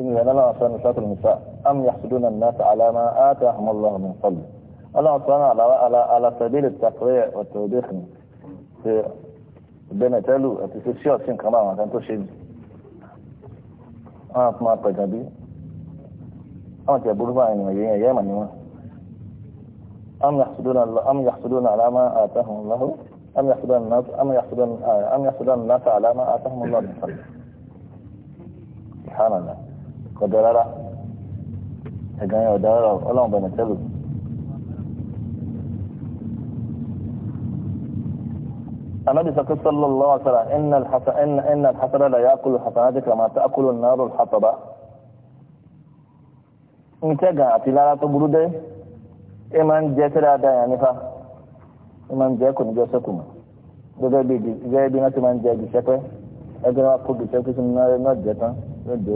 إن ولنا أصلا نساة النساء أم يحسدون الناس على ما آتاهم الله من قبل الله أصلا على, على, على سبيل التقريع والتوبيخ في بين تلو تسيسيو سين كمان ما كانتو شيء أنا آه، أسمع تجابي أنا تقول ما آه، يعني يعني يا من أم يحسدون الله أم يحسدون على ما آتاهم الله أم يحسدون الناس أم يحسدون آه، أم يحسدون الناس على ما آتاهم الله من قبل سبحان الله kọ̀dọ̀ rárá ẹ̀gàn yẹn ọ̀dọ̀ rárá ọlọ́run bẹ̀rẹ̀ tẹ́lù. النبي صلى الله عليه وسلم إن الحسن إن إن الحسن لا يأكل حسناتك كما تأكل النار الحطب ń tẹ́gàn àti lára tó burú dé ẹ máa ń jẹ́ tẹ́lẹ̀ àdá yẹn nípa ẹ máa ń jẹ́ kò ní jọ sẹ́kù mọ́ gẹ́gẹ́ bí gẹ́gẹ́ bí wọ́n ti máa ń jẹ́ igi sẹ́pẹ́ ẹgbẹ́ wọn kó igi sẹ́pẹ́ sínú náà náà tán yóò dé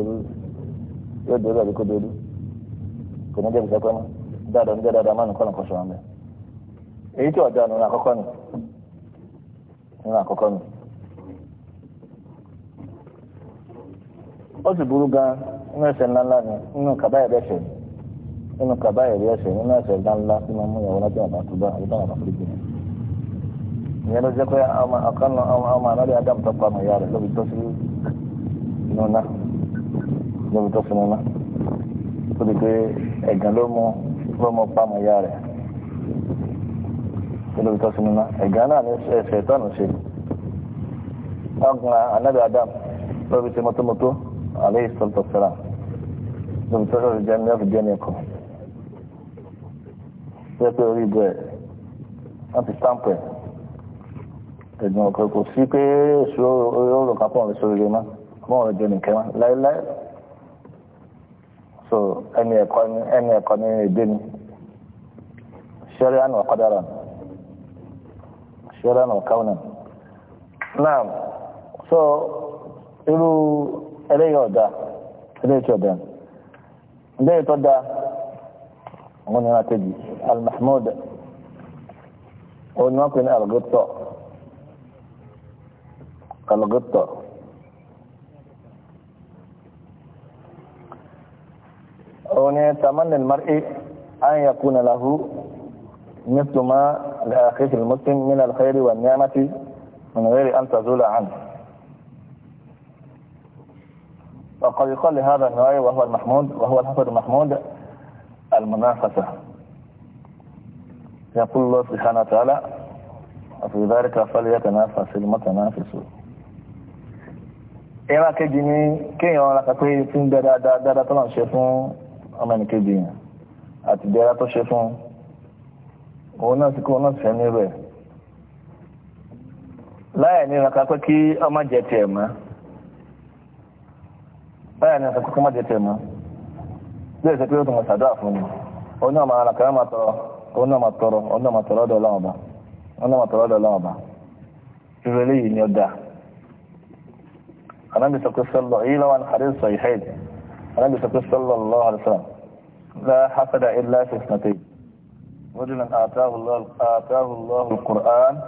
yóò dé bẹ́ẹ̀ kó dédú kò ní jẹ́bi sẹ́kọ́ mọ́ dáadáa ní dáadáa máa nìkan nǹkan ṣọ̀rọ̀ mẹ́. èyí tí ọ̀dà nínú àkọ́kọ́ nù nínú àkọ́kọ́ nù. ó sì burú gan inú ẹsẹ̀ ńlá ńlá ni inú kàbá ẹ̀rẹ́ ẹsẹ̀ inú kàbá ẹ̀rẹ́ ẹsẹ̀ inú ẹsẹ̀ ńlá ńlá tí máa mú ìyàwó lájọ́ àbá àtúbá àbí táwọn àbáfẹ́ gbé ìyẹn ló jẹ́ pé ọmọ ọmọ ànáde adam tó pa ọmọ ìyá rẹ̀ lóbi tó sí inú náà níbi tó fún un náà ó di pé ẹ̀gàn ló mú ló mú pa màá yá rẹ̀ níbi tó fún un náà ẹ̀gàn náà ní ẹsẹ̀ tọ́nù ṣe wọ́n gun anábì adam lóbi ṣe mọ́tómọ́tó alayhi salatu wassalam níbi tó sọ̀rọ̀ jẹ́ ní ọ̀fìjẹ́ ní ẹ̀kọ́ jẹ́ pé orí ibu ẹ̀ wọ́n ti sáǹpù ẹ̀gbọ́n ọ̀kọ̀ kò sí pé èso olùkápọ̀ rẹ̀ sórí mọ́ ọmọ jẹ́ nìkẹ́ mọ́ láéláé so ẹni ẹ̀kọ́ ni ẹni ẹ̀kọ́ ni èdè ni ṣẹ́ríàn ọ̀kọ́dára ṣẹ́ríàn ọ̀káwọnà náà so irú eléyìí ọ̀dà eléyìí tí ọ̀dà eléyìí tó da wọn ni wọn kejì al-mahmud òun ni wọn pè ní algoritọ algoritọ. وني تمنى المرء أن يكون له مثل ما لأخيه المسلم من الخير والنعمة من غير أن تزول عنه وقد يقال لهذا النوع وهو المحمود وهو الحفظ المحمود المنافسة يقول الله سبحانه وتعالى وفي ذلك فليتنافس المتنافسون ìran kejì ni kéèyàn ọ̀rọ̀ àkàpé tí ń bẹ dáadáa dáadáa tó náà ṣe fún ọmọ ẹnìkejì yẹn àti ìdẹ́ra tó ṣe fún òun náà sí kó òun náà sẹ́ nírú ẹ̀ láyà ní ìrànká pé kí ọmọ jẹ tiẹ̀ mọ́ láyà ní ìrànká pé kí ọmọ jẹ tiẹ̀ mọ́ bí èsì pé ó tún mọ̀ sàdúrà fún mi òun náà máa ràkàrà máa tọrọ òun náà máa tọrọ òun náà máa tọrọ ọ̀dọ̀ ọlọ́run ọba òun náà máa tọrọ ọ̀dọ̀ ọlọ́run ọba ìrẹ̀lẹ̀ yìí ni ó dáa. àná mi sọ pé sọlọ èyí lọ́wọ́ àdéhùn sọ ìhẹ́ẹ̀dì النبي صلى الله عليه وسلم لا حسد إلا في اثنتين رجل آتاه الله آتاه الله القرآن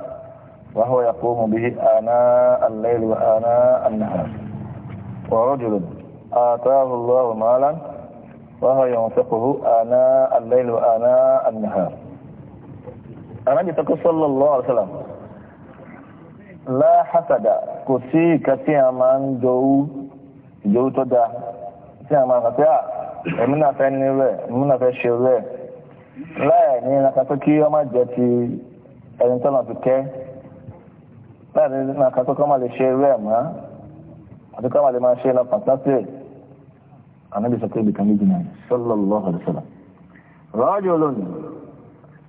وهو يقوم به آناء الليل وآناء النهار ورجل آتاه الله مالا وهو ينفقه آناء الليل وآناء النهار النبي صلى الله عليه وسلم لا حسد كسي كسي أمان جو جو تدا tí a máa kàtẹ́ à èmi náà fẹ́ ní rẹ̀ èmi náà fẹ́ ṣe rẹ̀ láì ní naka pé kí ọmọ jẹ ti ẹni tó náà fi kẹ́ láì ní naka pé kọ́ máa lè ṣe rẹ̀ mọ́ àti kọ́ máa lè máa ṣe lọ pàtàkì ànábì sọ pé ibìkan méjì náà sallallahu alaihi wasallam rajulun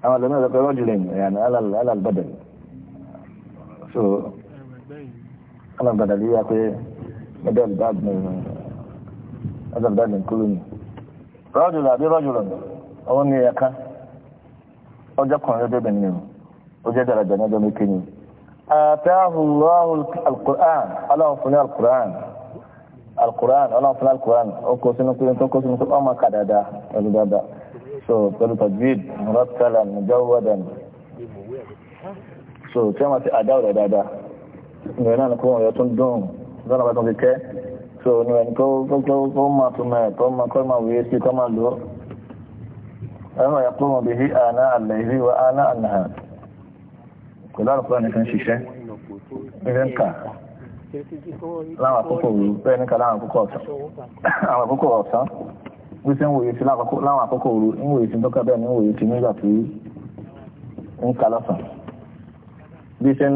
àwọn ọ̀dọ́ náà sọ pé rajulun yani ala so ala al pé badal bad nìyẹn ọ̀dọ̀dọ̀dọ̀ kúrò ní rọ́jùlọ àbí rọ́jùlọ ọwọ́ ní ẹ̀ka ọjọ́ kan rẹ̀ bẹ́bẹ̀ ní o jẹ́ dàrájà ní ọjọ́ mékè ní àtàhùlọ́hù alkùrán ọlọ́run fún alkùrán alkùrán ọlọ́run fún alkùrán ó kó sínú pé tó kó sínú pé ọmọ kà dáadáa pẹ̀lú dáadáa so pẹ̀lú tajwid murattalan mujawwadan so tí wọ́n ti àdáwọ̀ dáadáa ìgbẹ̀rẹ̀ náà ni kó wọ́n yọ tó ń dùn lọ́nà bá tó ti kẹ́ so ní ẹni kó máa tó máa ẹ̀kọ́ máa kọ́ máa wúyé sí kọ́ máa lò ó ẹ̀rọ ẹ̀kọ́ wọn bí i àná àlẹ́ ìrí wa àná àná hàn kò lárúkọ nìkan ṣiṣẹ́ ilé ń kà láwọn àkókò òru bẹ́ẹ̀ ní ká láwọn àkókò ọ̀sán àwọn àkókò ọ̀sán bí sí ń wòye sí láwọn àkókò òru ń wòye sí dọ́kà bẹ́ẹ̀ ní ń wòye sí nígbà tí ń kà lọ́sàn bí sí ń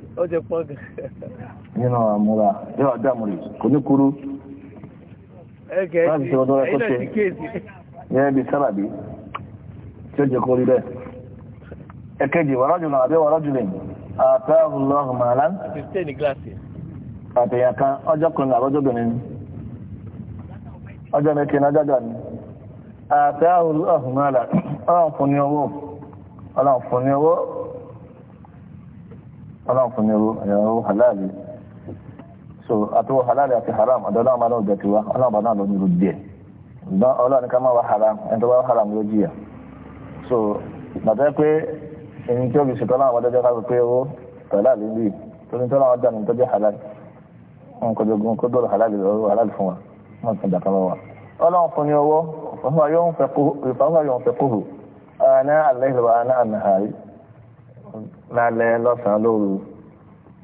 ó ti pọ́n gan. nínú àmúra yóò dààmú kò ní kúrú. láti ṣe ọdún ẹ̀kọ́ ṣe ní ọlọ́run fún ní ọlọ́run fún ní ẹ̀rọ halali so àtọwọ́ halali àti haram àdọ́lá ọmọ aláwọ̀ jẹ́tiwa ọlọ́run bá náà lọ nílùú díẹ̀ ṣùgbọ́n ọlọ́run ká máa wá haram ẹni tó wá haram ló jìyà so bàtà pé ẹni tí ó fi ṣètọ́ láwọn ọmọdé ká pé owó tọ́lá lè rí tó ní tọ́lá wọn dànù tó jẹ́ halali wọn kò jogun kó dọ̀rọ̀ halali lọ́wọ́ halali fún wa wọn kò dàkọ́ lọ́wọ́ ọlọ́run ní owó fọ́nfà lálẹ́ lọ́sàn-án lóru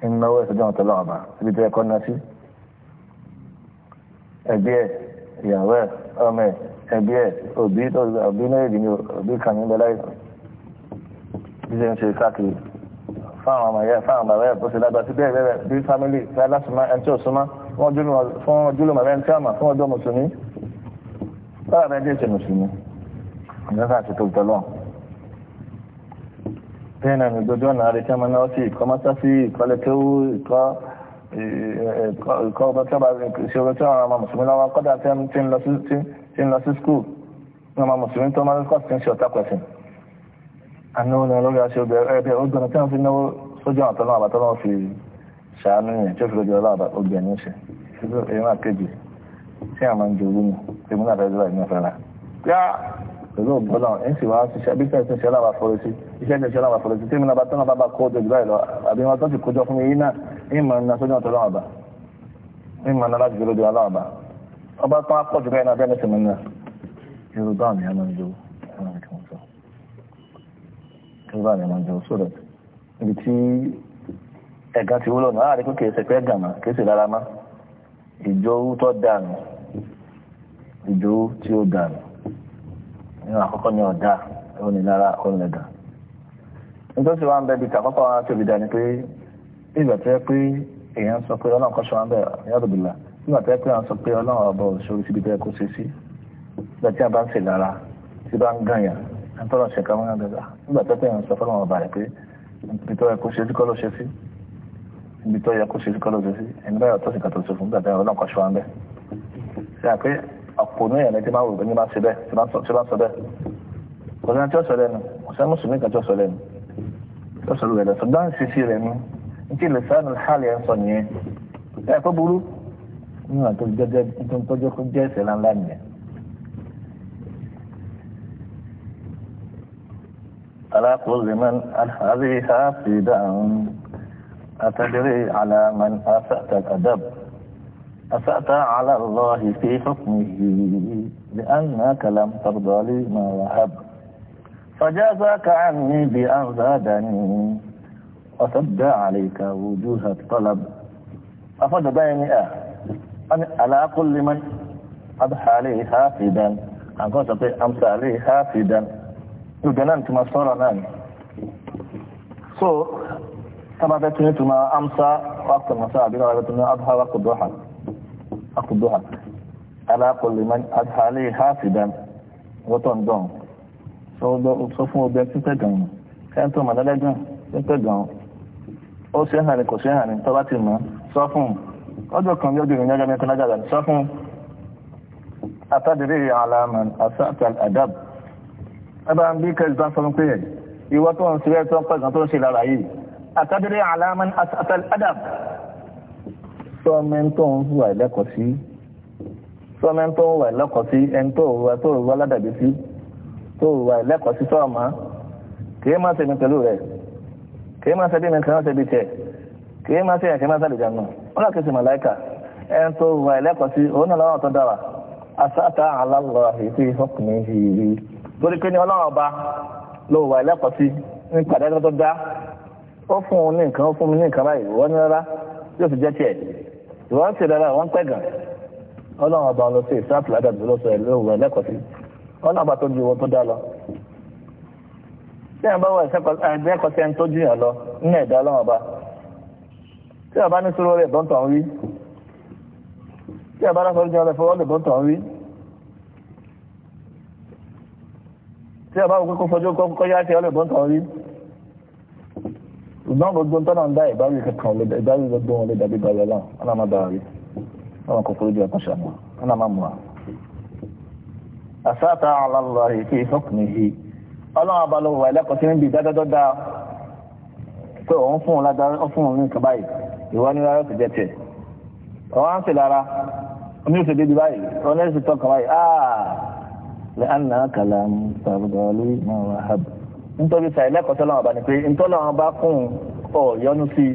ń náwó ìṣẹ́jú àwọn tọ́lọ́ ọba síbi tó yẹ kọ́ ná sí ẹbí ẹ̀ ìyàwó ẹ̀ ọmọ ẹ̀ ẹbí ẹ̀ òbí tó òbí náà èdè ni òbí kan ní bẹ́lá ìsọ̀ bí ṣe ń ṣe káàkiri fáwọn ọmọ yẹn fáwọn bàbá yẹn bó ṣe lágbà sí bẹ́ẹ̀ bẹ́ẹ̀ bí fámílì fẹ́ lásùmá ẹni tí ò súnmá fún ọjọ́ màmá ẹni tí àmà fún ọjọ́ mùsùlùmí báwa bẹ́ẹ̀ dé ṣe mùsùlùmí ìjọba àti tó tọ́lọ́ọ̀ bẹ́ẹ̀ náà ní gbogbo ọ̀nà rẹ̀ tẹ́mọ náà sí ìkọ́ mọ́sáfí ìkọ́lẹ̀ tó ìkọ́ ìkọ́ ọgbọ́n tí ọba ìṣòro tí àwọn ọmọ mùsùlùmí lọ́wọ́ kọ́dà tí ń lọ sí skul ní ọmọ mùsùlùmí tó máa ń kọ́ sí ń ṣe ọ̀tá pẹ̀sìn àníwò ní olórí aṣọ ẹgbẹ́ ọgbọ̀n tí wọ́n fi náwó sójú àwọn tọ́lọ́ àbátọ́ lọ́wọ́ fi ṣàánú yẹn tí ó fi lójú ọlọ́wọ́ ọgbẹ̀ ní ṣe èèyàn àkejì tí àwọn máa ń jẹ orú mi èmi náà fẹ́ pẹ̀lú ọ̀gbọ́lá ẹ̀ sì wá ṣiṣẹ́ bí kẹ́ ṣiṣẹ́ láwà fọ́rẹ́sí iṣẹ́ ṣiṣẹ́ láwà fọ́rẹ́sí tí ìmìnira bá tọ́nà bá bá kó ojú ìgbà ìlọ àbí wọn tó ti kójọ fún mi yìí náà ní ìmọ̀ ìrìnà sójú ọ̀tọ̀ láwàbà ní ìmọ̀ ìrìnà láti gbèrò ìjọba láwàbà ọba tó pọ̀ jù bẹ́ẹ̀ náà bẹ́ẹ̀ mẹ́sìn mìíràn yorùbá mi ẹ̀ máa ń tí ó dànù nínú àkọ́kọ́ ní ọ̀dá onílára ọ̀lẹ́dà nítorí wà ń bẹ́ bí kàkọ́kọ́ wa tóbi dá ni pé ìgbà tó yẹ pé èèyàn sọ pé ọlọ́run kọ́ṣọ́ wọn bẹ̀ yàtọ̀ bìlà nígbà tó yẹ pé wọ́n sọ pé ọlọ́run ọba òṣèlú síbi tó yẹ kó ṣe sí nígbà a bá ń ṣe lára tí bá ń gàn yàn àtọ́rọ̀ ṣẹ̀ka wọn gbẹ̀gbà nígbà tó yẹ pé èèyàn sọ fọ́lọ́run ọba rẹ̀ pé ibi tó yẹ kó ṣe sí kọ́ ló ṣe sí ibi tó yẹ kó ṣe sí kọ́ ló ṣe sí ẹni báyọ̀ tó sì bẹ̀ apa ni yang nanti mahu bagi masa dah selasa selasa dah kalau nak cuaca dah saya mesti nak cuaca dah cuaca dah dah sedang sisi dah mungkin lesan hal yang sonye eh apa bulu ni lah kerja kerja kerja selang lainnya ألا قل لمن ألحذيها في دعم أتدري على من أسأت الأدب أسأت على الله في حكمه لأنك لم ترضى لي ما وهب فجازاك عني بأن زادني وسد عليك وجوه الطلب أفد أه أن ألا كل من أضحى لي حافدا أن كنت أمسى لي حافدا يجننت مصرنا so tana da tuni tuna وقت المساء masa abin da tuni adha أخذها على كل من أدها لي حافدا وتنضم o obìnrin títẹ̀ gan-an ẹni tó mọ̀ lẹ́lẹ́gàn títẹ̀ gan-an ó ṣe hàn ní kò ṣe hàn ní tọ́ba ti mọ̀ sọ fún ọjọ́ kan bí obìnrin yára mẹ́kan lágbàdà sọ fún atádìrí àlàmà àsáàtà àdáb ẹbá ń bí kẹsì bá ń sọmọ pé ìwọ tó ń ṣe ẹ tó ń pẹ̀gàn tó ń ṣe lára sọ́mẹ́ntò ń hùwà lẹ́kọ̀ọ́ sí sọ́mẹ́ntò ń hùwà lẹ́kọ̀ọ́ sí ẹni tó hùwà tó hùwà ládàbí sí tó hùwà lẹ́kọ̀ọ́ sí sọ́ọ̀mà kì í máa ṣe mi pẹ̀lú rẹ̀ kì í máa ṣe bí mi kì í máa ṣe bí tiẹ̀ kì í máa ṣe yẹn kì í máa ṣàlùjá nù wọn lọ kì í ṣe màláìkà ẹni tó hùwà òun náà lọ́wọ́ tó dára àṣàtà aláwọ̀ àfi ọkùnrin yìí torí pé ní ọlọ́run ọba ló hùwà lẹ́kọ̀ọ́ sí ní pàdé tó dá ó fún un ní nǹkan ó fún mi ní nǹkan báyìí wọ́n ní rárá yóò fi jẹ́ tiẹ̀ ìwọ́n ti dára wọ́n pẹ́ gan ọlọ́run ọba lọ sí ìsáàpù ládàbí lọ́sọ̀ ẹ̀ lóòwò ẹlẹ́kọ̀ọ́ sí ọlọ́run ọba tó ju owó tó dá lọ. tí àwọn bá wọ ẹ̀kọ́ sí ẹni tó jù yàn lọ nínú ẹ̀dá ọlọ́run ọba tí ọba ní sọ̀rọ̀ rẹ̀ bọ́ntàn rí tí ọba ní sọ̀rọ̀ rẹ̀ fọwọ́ rẹ̀ bọ́ntàn rí tí ọba òkú kó fọjú kọ́ yá sí ọlẹ́ bọ́ntàn rí ṣùgbọ́n gbogbo tọ́nà ń dá ìbáwí kankan lè ìbáwí gbogbo wọn lè dàbí bàbá ọlọ́run ọ̀nà máa bàbá rí ọ̀nà kò forí di ọ̀tọ̀ ṣàmù ọ̀nà máa mú wa. àṣàtà àlàlọ́ èké ìfọkùnrin yìí ọlọ́run ọba ẹlẹ́kọ̀ọ́ sí níbi ìdájọ́ dá pé òun fún un ládàá ó fún un ní nǹkan báyìí ìwọ ni ti jẹ tiẹ̀ ọ̀wá ń fìlára omi òsèdè di báyìí ọ̀nà nítorí sàì lẹ́kọ̀ọ́ tọ́lọ́wọ́n bá ní pé ntọ́lọ́wọ́n bá kún ọ̀ yọnu sí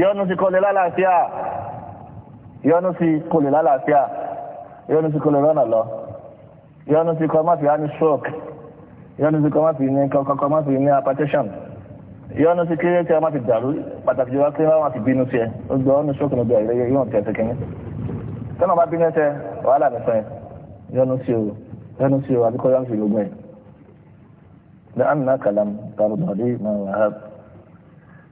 yọnu sí kọlẹ̀ lálàáfíà yọnu sí kọlẹ̀ lálàáfíà yọnu sí kọlẹ̀ lọ́nà lọ yọnu sí kọ́ má fi á ní stroke yọnu sí kọ́ má fi ní kọ́ má fi ní hypertension yọnu sí kéré tí a má ti dàrú pàtàkì jọba kí wọn ti bínú sí ẹ ó gbọ ọ ní sọkùn ọgbà yóò tẹ sí o لأنك لم ترضى لي ما وهبت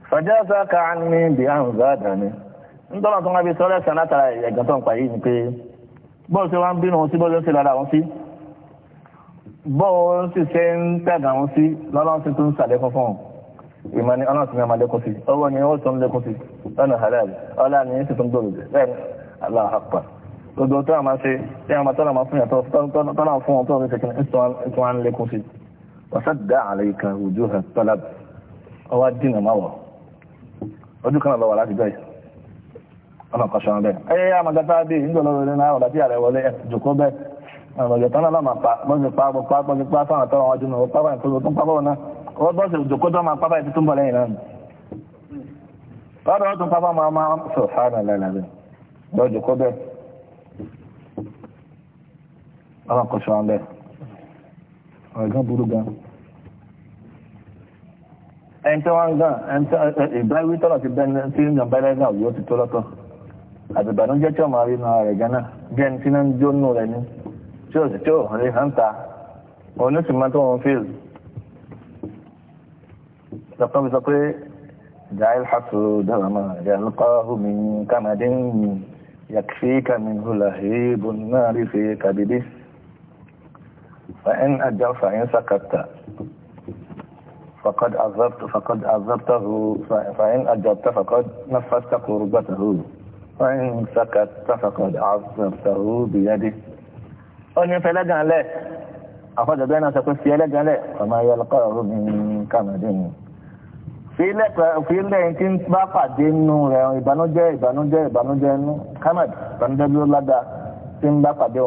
فجازاك عني بأن زادني nítorí àwọn tó ń wá bí sọ́lẹ̀ sàn látara ẹ̀gàn tó ń pa yìí ni pé bọ́ọ̀ ṣe wá ń bínú wọn sí bọ́ọ̀ ṣe lára wọn sí bọ́ọ̀ sì ṣe ń tẹ̀gà wọn sí lọ́lọ́run sì tún ṣàlékún fún wọn ìmọ̀ ni ọlọ́run sì ní ọmọ lékún sí ọwọ́ ni ó tún lékún sí lọ́nà halal ọlá ni sì tún gbòòrò jẹ bẹ́ẹ̀ Allahu akbar gbogbo tó àwọn máa ṣe tí àwọn máa tọ́lọ̀ máa fún yàtọ̀ tọ́lọ̀ fún wọn tó ń ṣe kí وسد عليك وجوه الطلب ọwá dínà máa wọ̀ ọdún kan lọ́wọ́ láti bẹ́ẹ̀ ọmọ kọ̀ṣọ́ bẹ́ẹ̀ ẹyẹ amagata bí ìjọlọ́rọ̀ ní náà ọ̀dàbí ààrẹ wọlé ẹ̀ jòkó bẹ́ẹ̀ ọmọgẹ̀ta náà lọ́mà pa pa pa mọ́sí pa sáwọn tọ́rọ wọn jùlọ pápá ìtọ́jú tó ń pápá wọn náà ọwọ́ bọ́sì jòkó tó máa pápá ọ̀gán burú gan ẹni tí wọ́n ń gan ẹni tí ìbáwí tọ́lọ̀ ti bẹ́ni tí ń gan bẹ́lẹ́ gan yóò ti tó lọ́tọ̀ àtìbànújẹ́ tí ọmọ àrínà rẹ̀ gánà bí ẹni tí náà ń jó nù rẹ̀ ni tí ó sì tí ó rí hàn ta òun ní sì máa tó wọn fíìl lọ́pọ̀ mi pé jàìl hàtó dára máa yà ń kọ́ kàmádé ń yàkfí kàmí hùlà èébù náà rí fi kàbídé فإن أجاب فإن سكت فقد أذبت فقد أذبته فإن أجبت فقد نفذت قربته وإن سكت فقد عذبته بيده أن يفلق عليه أخذ بينا سكت في يلق عليه فما يلقاه من كمد في لك في لك يمكن بقى دينه ìbànújẹ́ ìbànújẹ́ ìbànújẹ́ inú كمد ìbànújẹ́ ló lága tí ń bá pàdé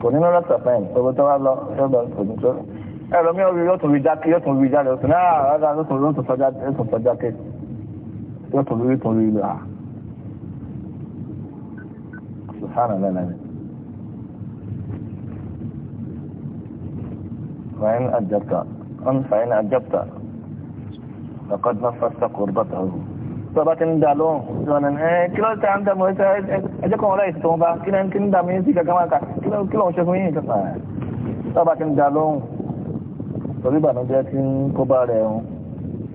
kò nínú lọ́tọ̀ fẹ́ ní gbogbo tó wá lọ sọ́dọ̀ òjútó ẹ̀rọ mi orí yóò tún rí jákè yóò tún rí jáde ọ̀sán náà rárá yóò tún lóòótọ́ ah, sọ́jà yóò tún sọ́jà ké yóò tún rí tún rí là sùhánà lẹ́nà ni. فإن أجبت أن فإن أجبت لقد نفست قربته طبعا دالون زمان كلا تعمد موسى ẹjẹ́ kan ọlọ́yìn tó ń bá kí ní kí ní dàmí sí kankan máa kà kí lóun ṣe fún yìí kankan rẹ̀ tọ́ba ti ń da lóhùn torí ìbànújẹ́ tí ń kó bá rẹ̀ ń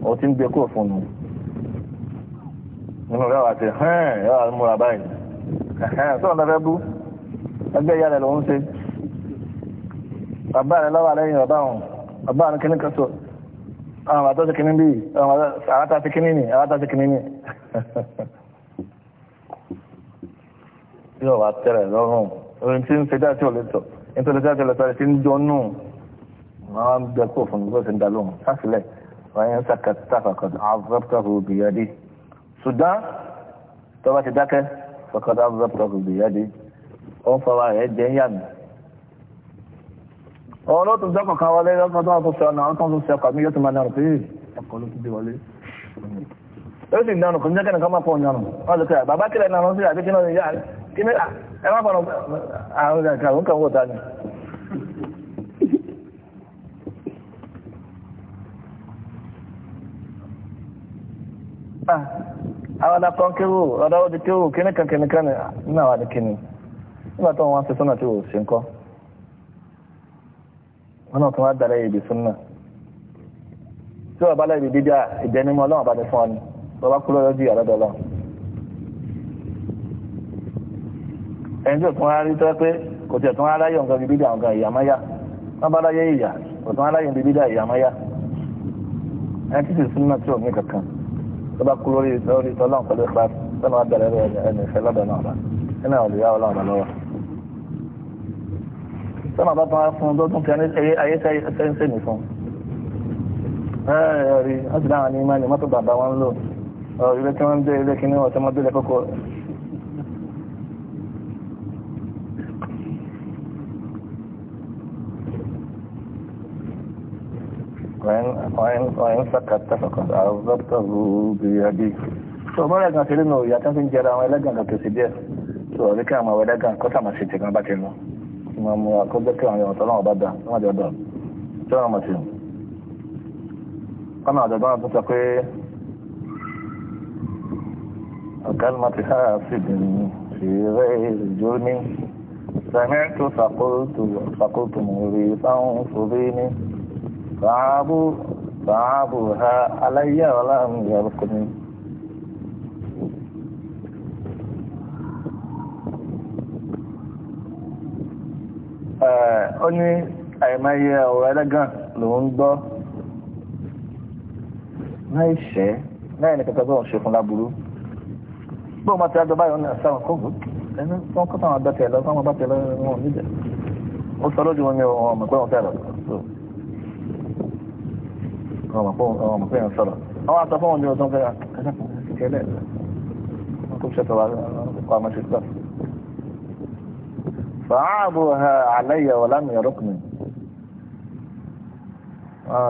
ó ti ń gbé kúrò fún un nínú rẹ̀ wà sí hẹ́ẹ̀ yọ àwọn múra báyìí sọ́ọ̀ lọ́fẹ́ bú ẹgbẹ́ ìyá rẹ̀ lòún ṣe bàbá rẹ̀ lọ́wọ́ ni àwọn àtọ́ ni yóò wá tẹ̀rẹ̀ lọ́rùn orin tí ń ṣe dáàtì ọ̀lẹ́tọ̀ nítorí dáàtì ọ̀lẹ́tọ̀ ti ń jọ nù wọ́n á gbẹ kó fún gbọ́ sí ń da lóhùn sásìlẹ̀ wọ́n yẹn ń sàkàtà fàkàtà àvọ́pùtàkù bìyàdì ṣùgbọ́n tó bá ti dákẹ́ fàkàtà àvọ́pùtàkù bìyàdì ó ń fọwọ́ rẹ̀ jẹ́ ń yàmì. ọ̀rọ̀ ló tún dọ́kọ̀ kan wọlé lọ́kàn tó kí ni ẹ má bọ̀rọ̀ àwọn ìkàwọn kan wò ta ah, ni àwọn adakọ̀ kéwò ọ̀dọ́ òdì kéwò kíní kan kíní kan náà wà ní kíní nígbà tó wọ́n ṣe súnà tí ò ṣe ń kọ́ wọn náà wá dàrẹ́ ibi súnà tí wọ́n bá lẹ́yìn bíbí ìjẹnimọ́ ọlọ́run bá ní fún ọ ni bàbá kúrò lọ́jọ́ ìyàrá dọ́lọ́run ẹni tí òtún arí tọ́ pé kò tí òtún aráyé nǹkan bíbí dà nǹkan ìyàmáyá wọ́n bá láyé ìyà òtún aráyé bíbí dà ìyàmáyá ẹni tí sì súnmọ́ tí òmí kankan tó bá kú lórí lórí tọ́lọ́n pẹ̀lú ìfà sọ́nà wà bẹ̀rẹ̀ rẹ̀ ẹni ìfẹ́ lọ́dọ̀ náà bá ẹni àwọn olùyá ọlọ́run bá lọ́wọ́ sọ́nà bá tán fún lọ́dún kan ayé sẹ́yìnsẹ́ nì fún ẹ̀ẹ́rì wọ́n ti dáhùn ní ni mọ́tò bàbá wọn lò wọ́n sàkàtà fọkàtà àrùbọ́tà bìyàdì so bọ́rẹ̀ gan ti rí nù ìyá tó fi ń jẹra àwọn ẹlẹ́gàn kan tó sì díẹ̀ so ọ̀rí kí àwọn ẹlẹ́gàn kọ́tà máa ṣe tìkan bá ti nù mo mú akọ́jọ́ kí àwọn ọ̀tọ́ náà bá dà wọ́n jọ dọ̀ tí wọ́n mọ̀ sí nù. kọ́nà ọ̀dọ̀gbọ́n tó sọ pé الكلمة حاسد في غير جرم سمعت فقلت فقلت مريضا صعبوا صعبوها علي ولا يلقني ó ní àìmáyé ọ̀rọ̀ ẹlẹ́gàn ló ń gbọ́ láì ṣẹ́ láì ní kẹta bọ́ọ̀ ṣe fún láburú bọ́ọ̀ máa ti àjọ báyọ̀ ní àṣàwọn kọ́gbù ẹni wọ́n kọ́ táwọn abẹ́tẹ̀ lọ fáwọn abẹ́tẹ̀ lọ wọn ò níjẹ̀ ó sọ lójú wọn ní ọmọ ìpẹ́wọ̀n tẹ̀ lọ àwọn ọmọ pé yàn sọ̀rọ̀ àwọn àtọ́ fún ọjọ́ ọdún fẹ́ kẹlẹ̀ kó ṣẹ̀tọ̀ wà kó àmọ́ ṣe sọ̀rọ̀ fàáàbò ha àlẹ́yà wà lámì ọ̀rọ̀kùnrin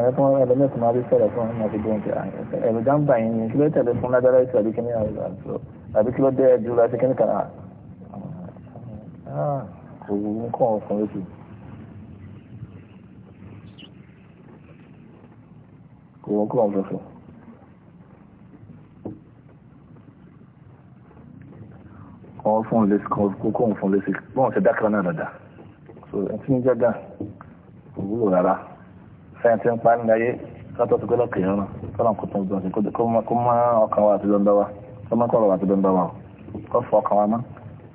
àwọn ẹ̀kọ́ ẹlẹ́mẹ̀ tó máa rí sọ̀rọ̀ fún ọmọ àti gbọ́n kí ẹ̀rọ jàǹbá yìí ni kí ló tẹ̀lé fún lágbára ìṣẹ́ àbí kí ní àwọn àṣọ àbí ìwọ̀n kọ́ àwọn fẹ́fẹ́ wọ́n fún lẹ́sí kókó fún lẹ́sí wọ́n ṣe dákàrá náà dáadáa so ẹ̀tí ń jẹ́ dáa kò wúlò rárá fẹ́yìntì ń pa nílẹ̀ ayé látọ̀ tó gbẹ́lẹ̀ kìí rán tọ́lá kò tán gbọ́n sí kó má ọkàn wa àti dọ́ndá wa kó má kọ̀rọ̀ wa àti dọ́ndá wa kó fọ ọkàn wa mọ́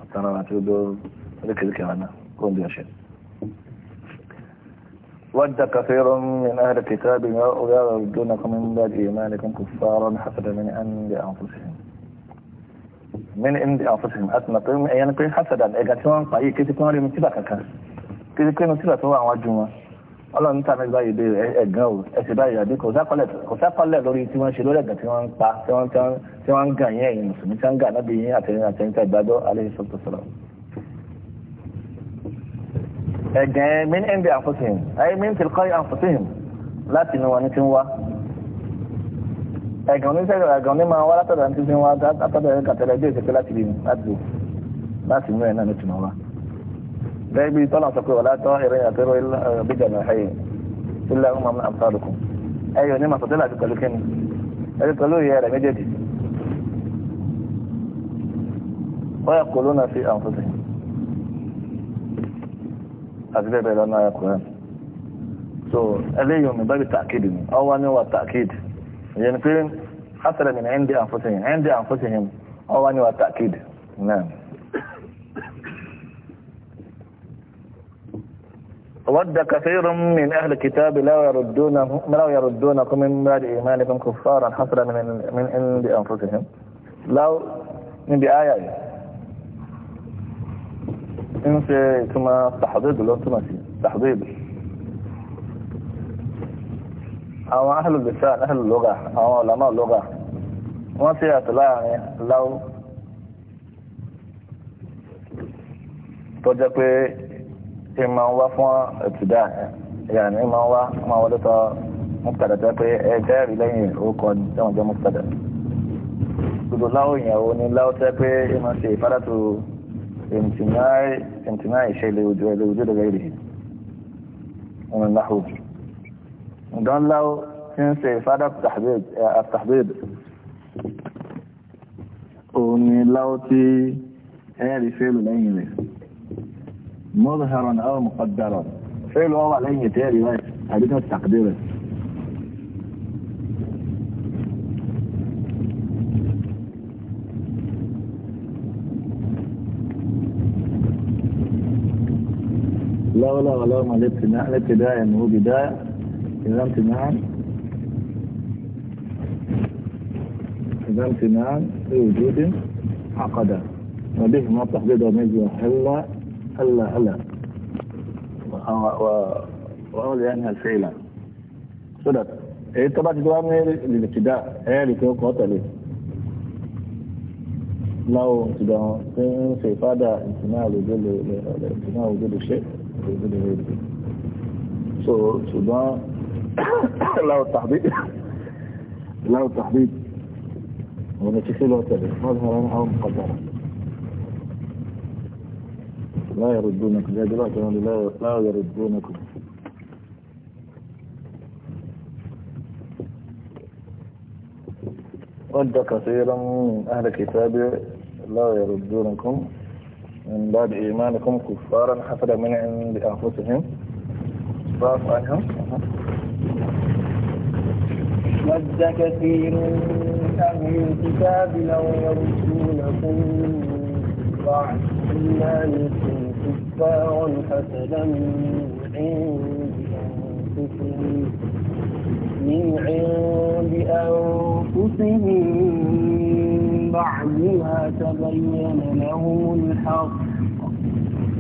àtàrà àti dọ́ndá wa lókèlókè wa náà kó ń di ọ̀ṣẹ́. ود كثير من أهل الكتاب يردونكم من بعد إيمانكم كفارا حسدا من عند أنفسهم من عند أنفسهم أتنقل يعني كل حسدا إذا كان طيب كيف تكون لي مكتبة كذا كيف تكون مكتبة سواء وجمة Ọlọ́run tàbí báyìí dé ẹ̀gán o ẹ̀sìn báyìí àbí kò sákọ́lẹ̀ lórí tí wọ́n ṣe lórí ẹ̀gàn tí wọ́n ń pa tí wọ́n ń gàn yín ẹ̀yin mùsùlùmí tí wọ́n ń gàn nábì yín àtẹ̀yìn àtẹ̀yìn tẹ̀ gbàgbọ́ alẹ́ ìṣòtò sọ̀rọ̀ ẹ̀gẹ́ min indi anfusihim ay min tilqai anfusihim láti inú wọn ní ti ń wá ẹ̀gẹ́ oníṣẹ́gbẹ̀ ẹ̀gẹ́ oní máa wá látọ̀dọ̀ ní ti ń wá látọ̀dọ̀ ẹ̀gẹ́ àtẹ̀lẹ̀ bí ìṣẹ́fẹ́ láti rí láti láti inú ẹ̀ náà ní ti máa wá bẹ́ẹ̀ bí tọ́lá sọ pé wọ́n látọ́ ìrìn àtẹ́rọ bíjà náà ẹ̀yẹ ilẹ̀ ọmọ mi àbúrádùkù ẹ̀yẹ oní máa àti pẹ̀lú kíni ẹ̀yẹ pẹ̀lú ìyẹ́ rẹ̀ méjèèjì wọ́n yà kó lónà sí àǹfọ̀sìn أكذب إلى ما يقول so, أليه من باب التأكيد أولا هو التأكيد يعني فين حصل من عندي أنفسهم عندي أنفسهم أولا هو التأكيد نعم ود كثير من أهل الكتاب لا يردونكم لا يردونكم من بعد إيمانكم كفارا حصل من من عند أنفسهم لو من بآية ń ṣe ìtumọ̀ tàhàdìdì ló túnmọ̀ sí tàhàdìdì àwọn ahìlú bìtá ahìlú lọ́gà àwọn ọ̀làmọ́ lọ́gà wọ́n ṣe àtọ̀ láàrin láwù tó jẹ́ pé ìmọ̀ ń wá fún ẹ̀tìdá ìyàní ìmọ̀ ń wá máa wọlé tọ́ mọ́kàdà jẹ́ pé ẹgbẹ́ rí lẹ́yìn orúkọ jẹ́wọ̀n jẹ́ mọ́kàdà gbogbo láwù ìyàwó ni láwù tẹ́ pé ìmọ̀ ṣe ìfádàtò انتماء انتماء شيء لوجود غيره ومن نحوه دون لو تنسى فرد التحديد التحديد ومن لو تي هذه إيه فعل لين مظهرا او مقدرا فعل هو لين تاري واحد هذه التقديرات ولا ولا غلام الابتداء الابتداء انه يعني هو بداية إذا امتناع إذا امتناع لوجود عقدا وبه ما تحديد مثل هلا هلا هلا وأول يعني الفعل صدق إيه طبعا جواب إيه للابتداء إيه لكي قتله لو تدعون إيه، في فادة امتناع وجود الشيء اللي هي دي السودان لو التحديد لو التحديد وانا تخيل وقت ده مظهر لا يردونك لا لا يردونك ود كثيرا اهل كتابي لا يردونكم من بعد إيمانكم كفارا حسدا من عند أنفسهم فاعف عنهم ود كثير من أهل الكتاب لو يرسونكم بعد إيمانكم كفارا حسدا من عند أنفسهم من عند أنفسهم من بعد ما تبين له الحق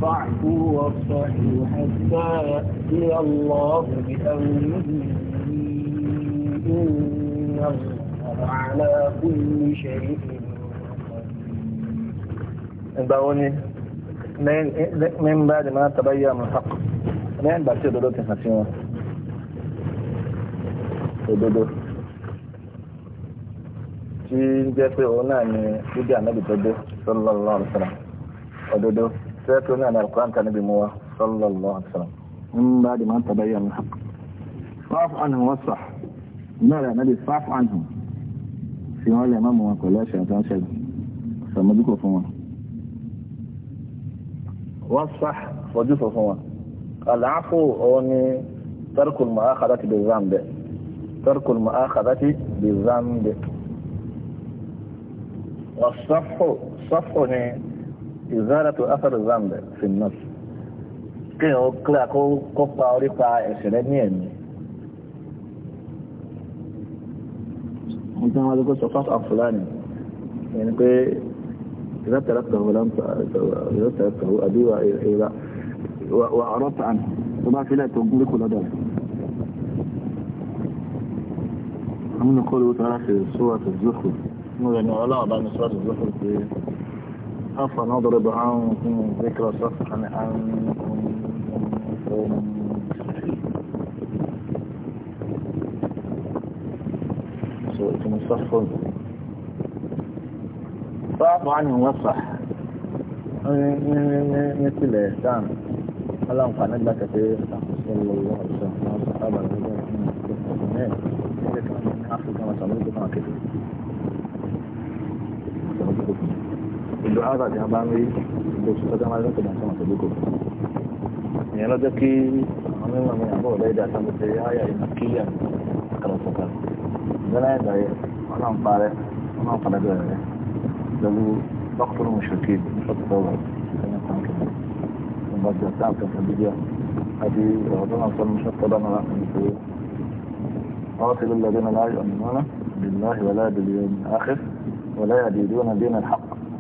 فاعفوا واصفحوا حتى يأتي الله بأمره إن الله على كل شيء قدير من من بعد ما تبين الحق من بعد ما تبين احنا فينا tí ń jẹ́ pé òun náà ni bíbí ànábì tó dé sallallahu alaihi wasallam òdodo tí ó náà ní alquran kan níbi mú wa sallallahu alaihi wasallam ń bá di máa ń tàbí yà ní fáf ànhùn wọ́n sà náà rẹ̀ ànábì fáf ànhùn fi wọ́n lè má mú wọn pẹ̀lú ẹ̀ṣẹ̀ tó ń ṣẹlẹ̀ sàmójúkò fún wọn wọ́n sà fojúkò fún wọn àlàáfò òun ni tarkul mu'akhadati bi zambe tarkul mu'akhadati bi zambe والصفح صفح ني إزالة أثر الزنب في النص كيو كلاكو كفا وريقا إشرينيين أنت هذا تقول صفات أفلاني يعني كي إذا تركته لم إذا تركته أبي وإيبا وأعرضت عنه وما لا تنقلك لدي هم نقولوا تراخي صورة الزخرف لأن الله بعد نصرات الزفر في أفا نضرب عنكم ذكر صفحا عنكم سويتم الصفحة فاعفوا عنهم وصح مثل إحسان اللهم قال لك في صلى الله عليه وسلم وصحابه الرجال من كما تعملوا كما كتبوا dùn ára ni a bá ń rí oṣù tọ́jà máa ń rẹ́pẹ̀lẹ̀ àti àwọn àtẹ̀lẹ́kọ̀ọ́ ìyẹn lọ́jọ́ kí àwọn mímọ̀ mi àbọ̀ ọ̀dọ́ ìdá àtàmùtẹ̀ ayà ìmọ̀ kíyà kàlọ̀kọ̀kàlọ̀ ìgbẹ́lá ẹ̀dá yẹ wọn náà ń parẹ́ wọn náà ń padà bẹ̀rẹ̀ rẹ̀ pẹ̀lú dókítà mùsùlùkì ìfọ̀tọ̀tọ̀rọ̀ ẹni kan kí wọn bá jẹ sáà kẹfẹ bíbíà àti ọ̀dọ́ náà sọ́nù sọ́tọ̀dọ̀ náà láti ní pé قاتل الذين لا يؤمنون بالله ولا باليوم الآخر ولا يدينون دين الحق